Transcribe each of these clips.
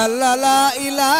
la la la ilaha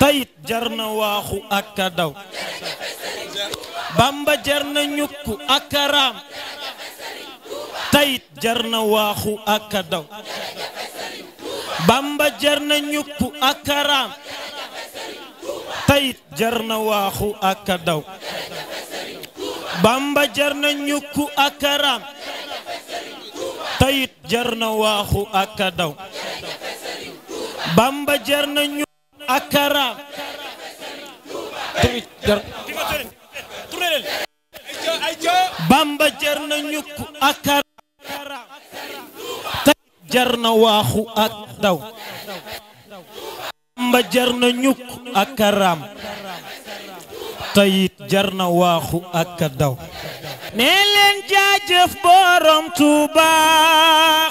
tayit jar waaxu ak a daw bamba jar na ñukku ak a raam jar na waaxu ak bamba jar na ñukku akara bamba jar na ñukk akara tey waaxu ak daw bamba jar tayit jar na waaxu ak daw nee leen borom Tuubaa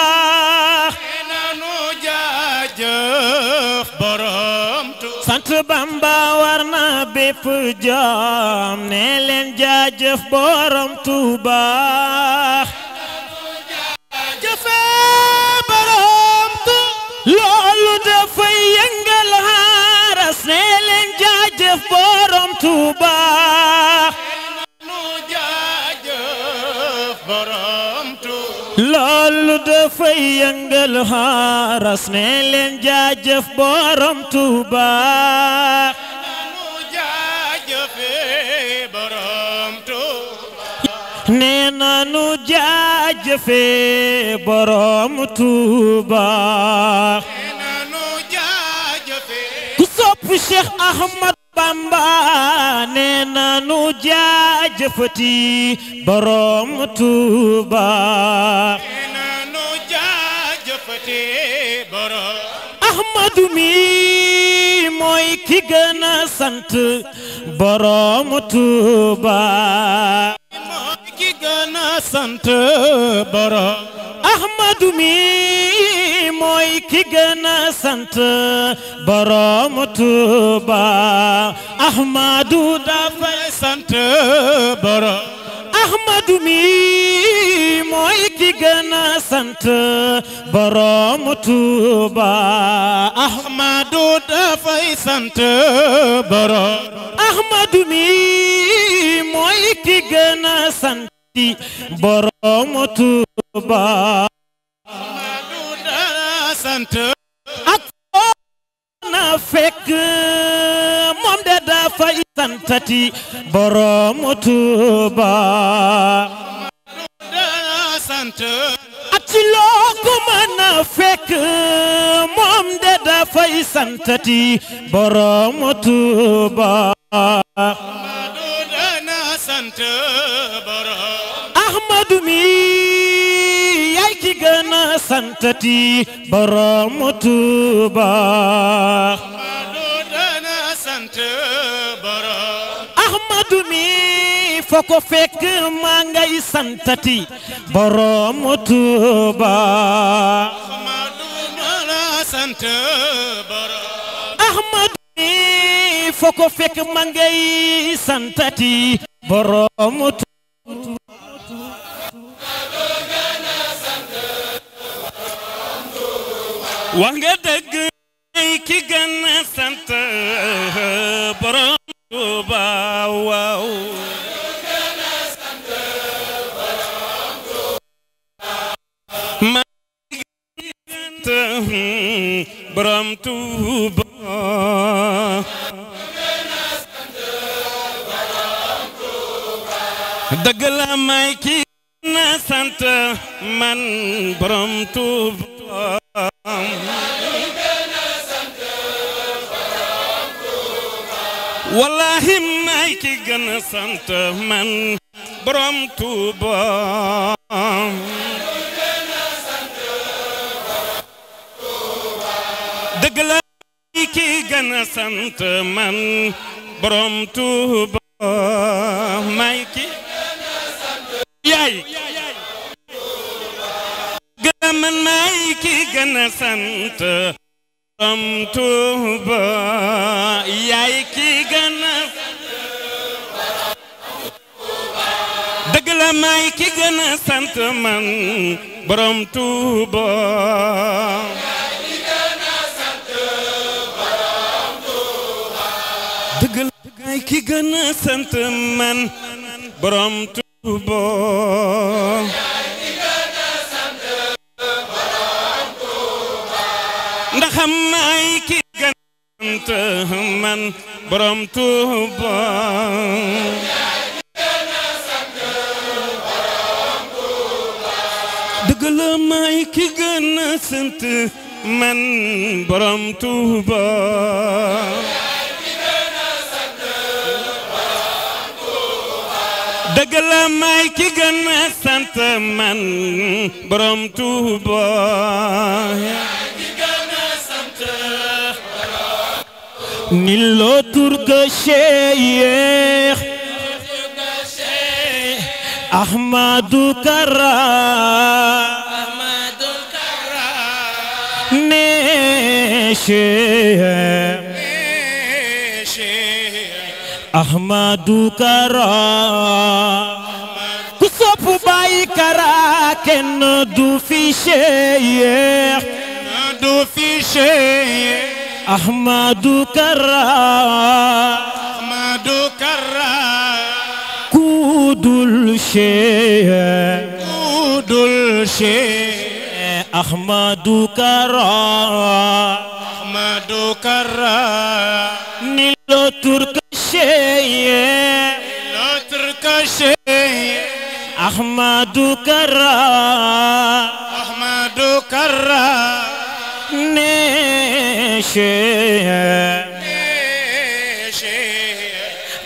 Bamba war na bépp jaam ne leen jaajëf borom dafay yëngal xaaras ne leen jaajëf borom fay yëngal xaaras ne leen jaajëf borom Tuuba nee nanu borom Tuuba ku sopp Cheikh Ahmad Bamba nee nanu jaajëfati borom Tuuba ahmadu mi mooy ki gën sant borom Tuuba mooy mi mooy ki gën a sant borom Tuuba ahmadu dafay sant borom ahmadu mi mooy ki gën a sant borom tuuba dafay sant borom ahmadu mi mooy ki gën a sant borom i santati borom Tuuba ak ci loo moom de dafay santati borom Tuuba foo ko fekk maa ngay santati borom Tuuba Ahmadu ni foo ko fekk maa ngay santati borom Tuuba wax borom Tuuba dëgg la wallahi may ki gën man borom Tuuba bëgg la a sant man borom may ki yaay sant man borom Tuuba ki gën a sant man naay ki gën a sant man borom maay ki gën a sant man dëgg la may ki gën a sant man borom Tuuba nilo turga Cheikh Ahmadu Kara Ahmadu Kara ne Cheikh ahmadu kara ku sopp Baay Kara kenn du fi Cheikh du fi Cheikh ahmadu kara ahmadu kara ku dul Cheikh ku dul Cheikh ahmadu kara ahmadu kara ni lo turk شيء لا ترك شيء أحمد كرا أحمد كرا نشيء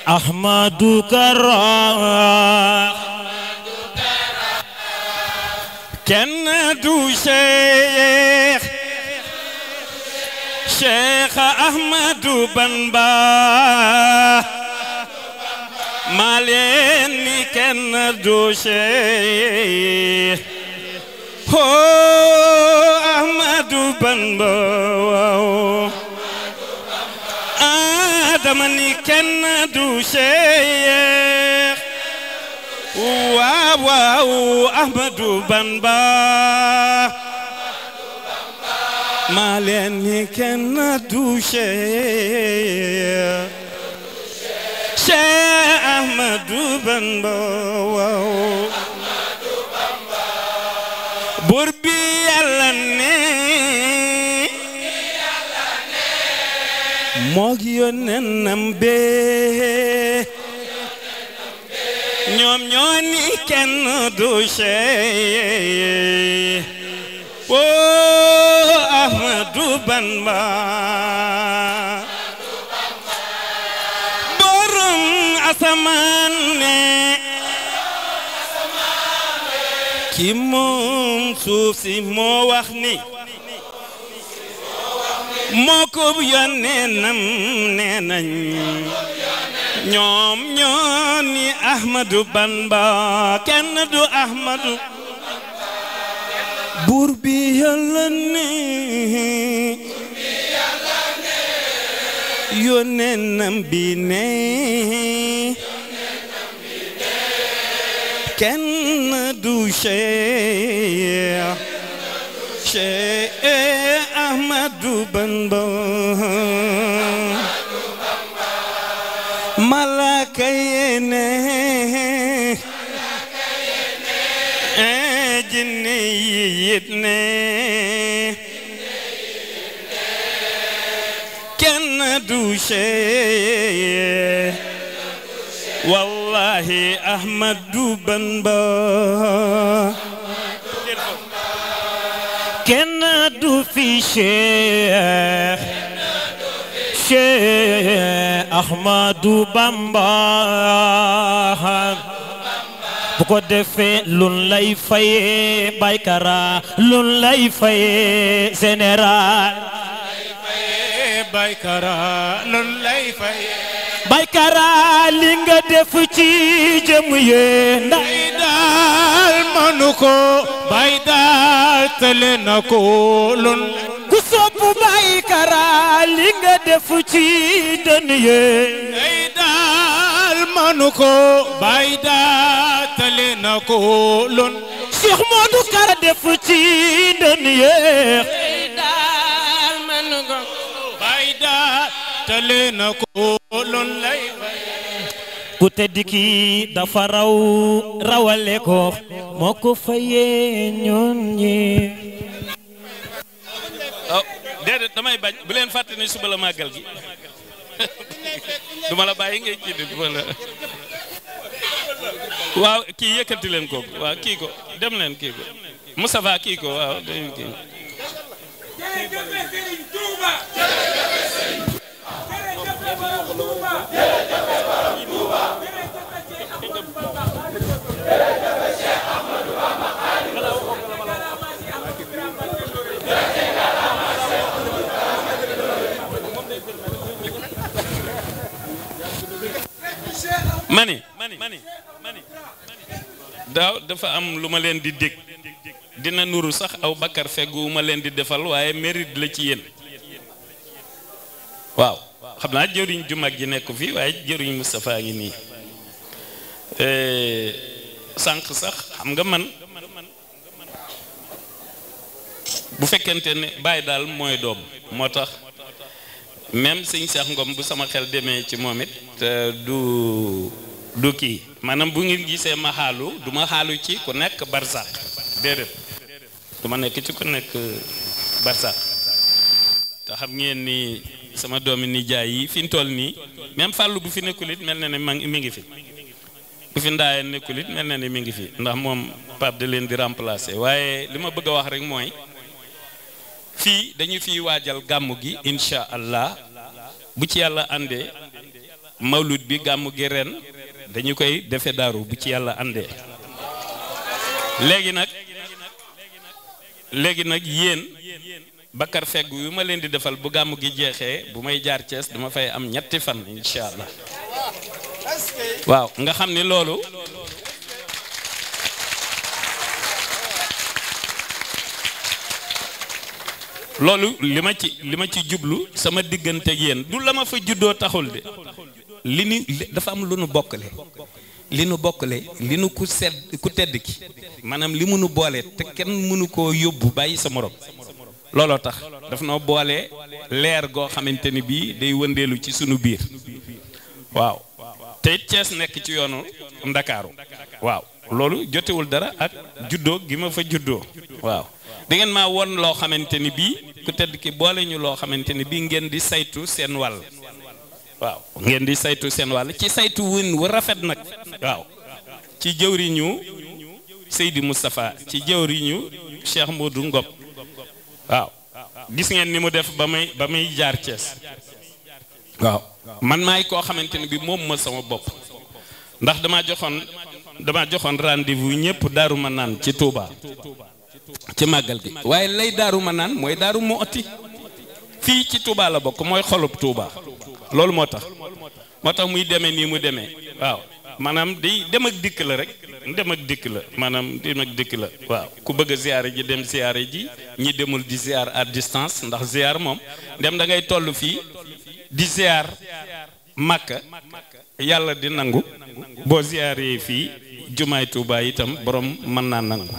أحمد كرا كان دو شيخ Cheikh Ahmadou Bamba maa leen ni kenn du Cheikh oh Ahmadou Bamba waaw Adama ni kenn du Cheikh waaw waaw Ahmadou Malenike na duše, Sheikh Ahmadou Bamba waaw buur bi Yàlla ne moog yonenam be ñoom ñoo ni kenn du Sheikh Ahmadu Bamba borom asamaan ne ki suuf si moo wax ni moo ko yónnee nam nee nañ ñoom ñoo Ahmadu Bamba kenn du Ahmadu buur bi yàlla ne yónneenam bi ne kenn du Cheikh Cheikh Ahmadou Bamba شيء والله أحمد بنبا كنادو في شيخ شيخ أحمد بنبا bu ko defee lun lay fayee baykara lun lay fayee général baykara loolu lay faye baykara li nga def daal manu ko bay daal tële na ko loolu ku li nga def ci dën yee daal manu ko bay daal tële na ko loolu Cheikh Modou Kara def ci dën yee fayda tale na ko loon lay ku tedd ki dafa raw rawale ko moo ko fayee ñun ñi oh, déedéet damay bañ bu leen fàtte suba la màggal gi duma la bàyyi ngay ci di wala waaw kii yëkkati leen ko waaw kii ko dem leen kii ko Moustapha kii ko waaw dem kii mani daaw dafa am luma len di deg dina nuru sax aw bakkar feggu ma di defal waye mérite la ci yeen waaw xamna naa jëriñ ju mag ji nekk fii waaye jëriñ Moustapha ngi nii sànq sax xam nga man bu fekente ne bay dal moy dom motax même seigne Cheikh Ngom bu sama xel demee ci momit euh du du ki maanaam bu ngeen gisee ma xaalu du ma xaalu ci ku nekk barsaq déedéet du ma nekk ci ku nekk euh, barsaq te xam ngeen ni sama doomi nijaay yi fi mu nii même fàllu bu fi nekkul it mel na ne mi ngi fi fi ndaayee nekkul it mel na ne mi ngi fi ndax moom Pape da leen di remplacer waaye li ma bëgg a wax rek mooy fii dañu fiy waajal gàmm gi incha allah bu ci yàlla àndee mawlud bi gàmm gi ren. dañu koy defe daaru bu ci yàlla àndee léegi nag léegi nag yéen bakkar feggu yu ma leen di defal bu gàmm gi jeexee bu may jaar cees dama fay am ñetti fan incha allah waaw nga xam ni loolu loolu li ma ci li ma ci jublu sama diggante yéen du la ma fa juddoo taxul de li nu dafa am lu nu bokkale li nu bokkale li nu ku sedd ku tedd ki maanaam li mënu boole te kenn mënu koo yóbbu bàyyi sa morom looloo tax daf noo boole leer goo xamante ni bii day wëndeelu ci sunu biir waaw te it Cees nekk ci yoonu Ndakaaru waaw loolu jotewul dara ak juddoo gi ma fa juddoo waaw da ngeen maa won loo xamante ni bii ku tedd ki boole ñu loo xamante ni bii ngeen di saytu seen wàll waaw ngeen di saytu seen wàll ci saytu wën wu rafet nag waaw ci jëwriñu Seydi Moustapha ci jëwriñu Cheikh Modou Ngom waaw gis ngeen ni mu def ba may ba may jaar Thiès waaw man maay koo xamante ne bi moom ma sama bopp ndax dama joxoon dama joxoon rendez-vous ñëpp daaru ma naan ci tuuba ci màggal gi waaye lay daaru naan mooy daaru mu fii ci Touba la bokk mooy xolub Touba loolu moo tax moo tax muy demee nii mu demee waaw maanaam di dem ak dikk la rek dem ak dikk la maanaam dem ak dikk la waaw ku bëgg a ji dem ziyaare ji ñi demul di ziyaar à distance ndax ziyaar moom dem da ngay toll fii di ziyaar màkka yàlla di nangu boo ziyaaree fii jumaay Tuubaa itam boroom mën naa nangu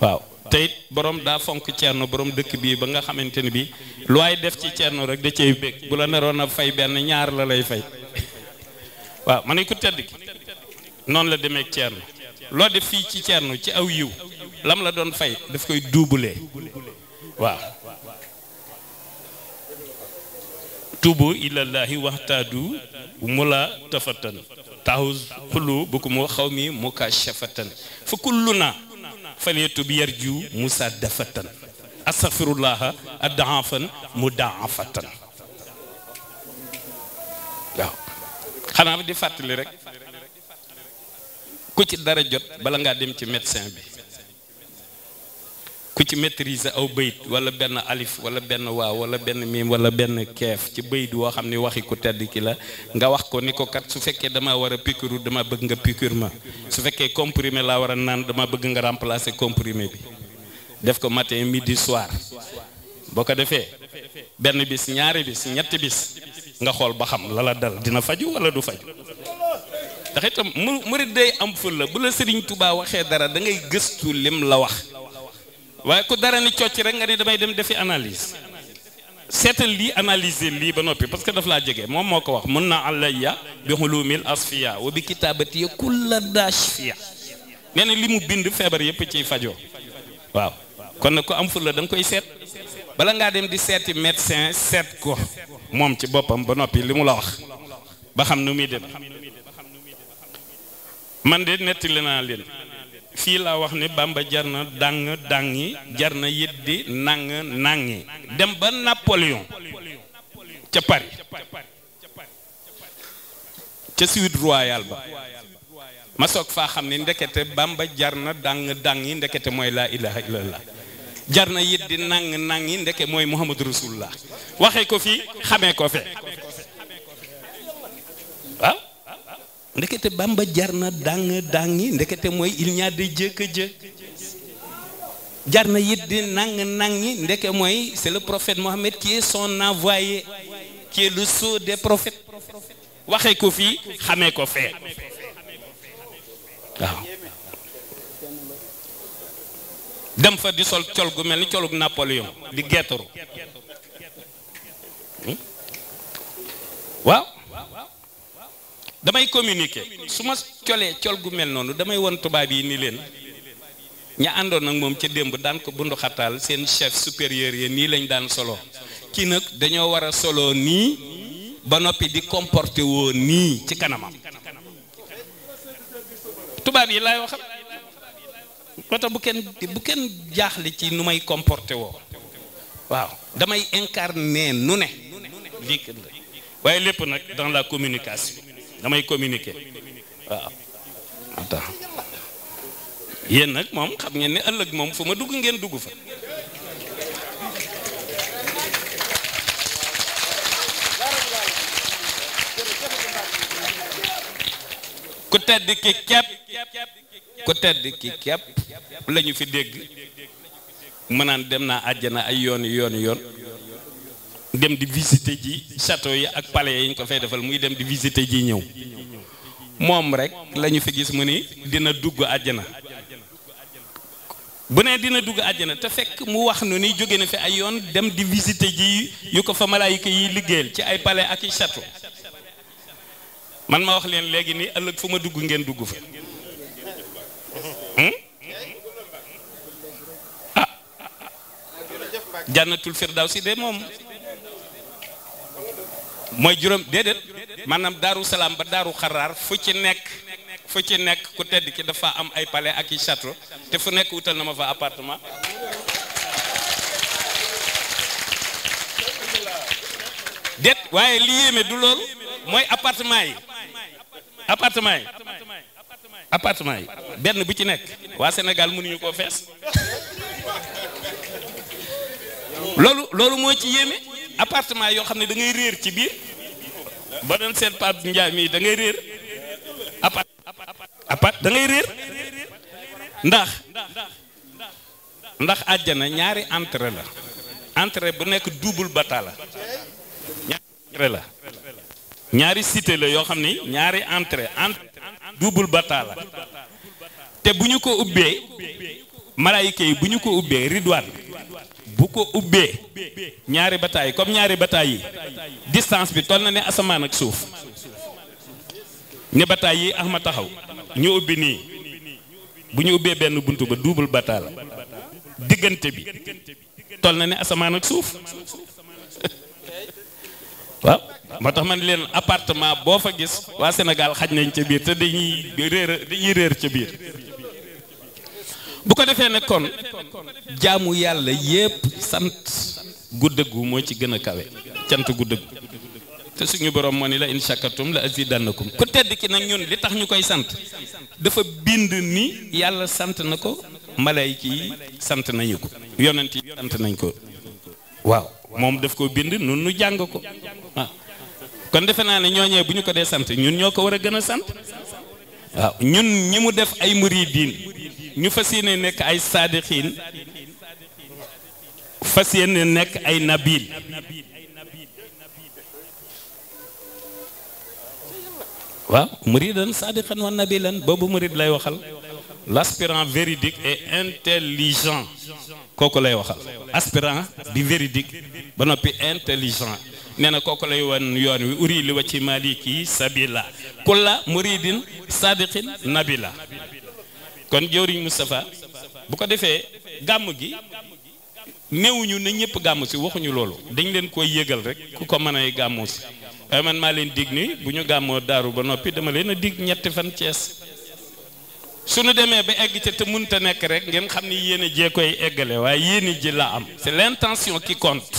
waaw te boroom borom daa fonk ceerno boroom dëkk bii ba nga xamante ni bii lu def ci ceerno rek da cey bég bu la naroon a fay benn ñaar la lay fay waaw ma ne ko tedd ki noonu la demee ceerno loo def fii ci ceerno ci aw yiw lam la doon fay daf koy duubulee waaw tubu ilallahi waxtaadu mula tafatan tahus xulu bu ko mu xaw mi mukashafatan fa kullu naa falyetu bi yarju musa dafatan astaghfirullaha addaafan mudaafatan waaw xanaa di fàttali rek ku ci dara jot bala ngaa dem ci médecin bi ku ci maîtriser aw bayit wala benn alif wala benn waaw wala benn miim wala benn keef ci bayit woo xam ni waxi ku tedd ki la nga wax ko ni ko kat su fekkee dama war a piqûre dama bëgg nga piqûre ma su fekkee comprimé la war a naan dama bëgg nga remplacer comprimé bi def ko matin di soir boo ko defee benn bis ñaari bis ñett bis nga xool ba xam la la dal dina faju wala du faju ndax itam murid day am ful la bu la Sëriñ Tuubaa waxee dara da ngay gëstu lim la wax waaye ku dara ne cocc rek nga ne damay dem defi analise seetal lii analyser lii ba noppi parce que daf laa jege moom moo ko wax mun na alayya bi xulumil asfiya wa bi kitaabati kulla dashfiya nee na li mu bind feebar yëpp ci fajoo waaw kon nag ku am fula da koy seet bala ngaa dem di seeti médecin seet ko moom ci boppam ba noppi li mu la wax ba xam nu muy dem man de nettali naa leen fii laa wax ne ba jar na dàng dàngi jar na yëddi nàng nàngi dem ba Napoléon ca Paris ca Suisse royale ba ma soog faa xam ni ne ndekete ba jar na dàng dàngi ndekete mooy laa ilaha illallah jar na yëddi nàng yi ndeke mooy Muhammadu Rasulullah waxee ko fii xamee ko fe ndekete Bamba jar na dàng dàngi mooy il n'y de Dieu que Dieu jar na it di nang nangi ndeke mooy c'est le prophète Mohammed qui son envoyé qui est le sceau des prophètes ko fii xamee ko fee dem fa di sol col gu mel ni colug Napoléon di geetaru hmm? waaw damay communiquer su ma colee col gu mel noonu damay won tubaab yi ni leen ña àndoon nag moom ca démb daan ko bundu seen chef supérieur yi nii lañ daan solo kii nag dañoo war a solo nii ba noppi di comporté woo nii ci kanamam tubaab yi laay waxal moo tax bu kenn bu kenn jaaxle ci nu may comporté woo waaw damay incarné nu ne lii waaye lépp nag dans la communication damay communiquer waaw ah. tax yéen nak mom xam ngeen ni ëllëg mom fuma ma dugg ngeen dugg fa ku tedd ki kep ku tedd ki kep lañu fi dégg manan dem na aljana ay yoon yoon yoon dem di visiter ji château yi ak palais yi ñu ko fay defal muy dem di visiter ji ñëw moom rek la ñu fi gis mu ni dina dugg àjjana bu ne dina dugg àjjana te fekk mu wax nu ni jóge na fi ay yoon dem di visiter ji yu ko fa malaayika yi liggéeyal ci ay pale ak i château man ma wax leen léegi ni ëllëg fu ma dugg ngeen dugg fa hmm? ah, ah, ah jannatul firdaw si de moom mooy juróom déedéet maanaam daaru salaam ba daaru xaraar fu ci nekk fu ci nekk ku tedd ki dafa am ay palais ak i château te fu nekk wutal na ma fa appartement déet waaye li yéeme du loolu mooy apartement yi appartement yi benn bu ci nekk waa Sénégal mënuñu koo fees loolu loolu moo ci yéeme appartement yo xam da ngay réer ci biir ba doon sen pap Ndiaye mii da ngay réer appart appart da ngay réer ndax ndax aljana ñaari entrée la entrée bu nek double batala ñaari la ñaari cité la yo xamni ñaari entrée double batala te ko ubbé malaayika yi ko ubbé ridwan bu ko ubbee ñaari bataay comme ñaari bataay yi distance bi toll na ne asamaan ak suuf ne bataay yi ax ma taxaw ñu ubbi nii bu ñu ubbee benn bunt ba double bataay la diggante bi toll na ne asamaan ak suuf waaw moo tax man leen appartement boo fa gis waa Sénégal xaj nañ ca biir te dañuy réer dañuy réer ca biir bu ko defee nag kon jaamu yàlla yépp sant gu dëggu moo ci gën a kawe cant gu dëggu te suñu borom moo ni la in shakartum la azidannakum ku tedd ki nag ñun li tax ñu koy sant dafa bind ni yàlla sant na ko malayka yi sant nañu ko yonent yi sant nañ ko waaw moom daf ko bind nun nu jàng ko ah. kon defe naa ne ñooñee bu ñu ko dee sant ñun ñoo ko war a gën a sant waaw ñun ñi mu def ay muridiin ñu fassiyene nek ay saadixiin fassiyene nek ay nabil Wa, muridan sadiqan wa nabilan bobu murid lay waxal l'aspirant véridique et intelligent koko lay waxal aspirant bi véridique ba nopi intelligent nena koko lay wan yoon wi uri li wa ci maliki sabila kulla muridin saadiqin nabila kon jëwriñ Moustapha bu ko defee gàmm gi néewuñu na ñëpp gàmm si waxuñu loolu dañ leen koy yëgal rek ku ko mën ay gàmmu si waaye man maa leen dig ni bu ñu gàmmoo daaru ba noppi dama leen a dig ñetti fan Cees nu demee ba egg ca te mënta nekk rek ngeen xam ni yéen a jee koy eggale waaye yéen ji la am c'est l'intention qui compte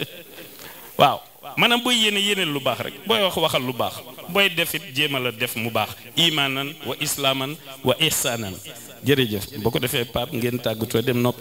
waaw maanaam booy yéene yéeneel lu baax rek booy wax waxal lu baax booy def it a def mu baax imaanan wa islaaman wa ihsaanan jërëjëf boo ko defee paap ngeen tàggatoo dem nopp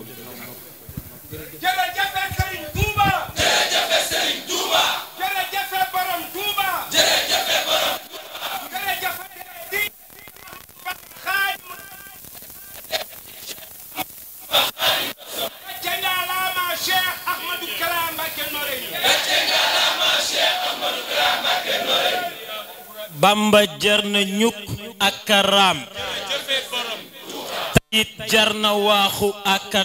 bamba jar na ñukk ak ka tayit jar na waaxu ak ka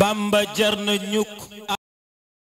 bamba jar na ñukk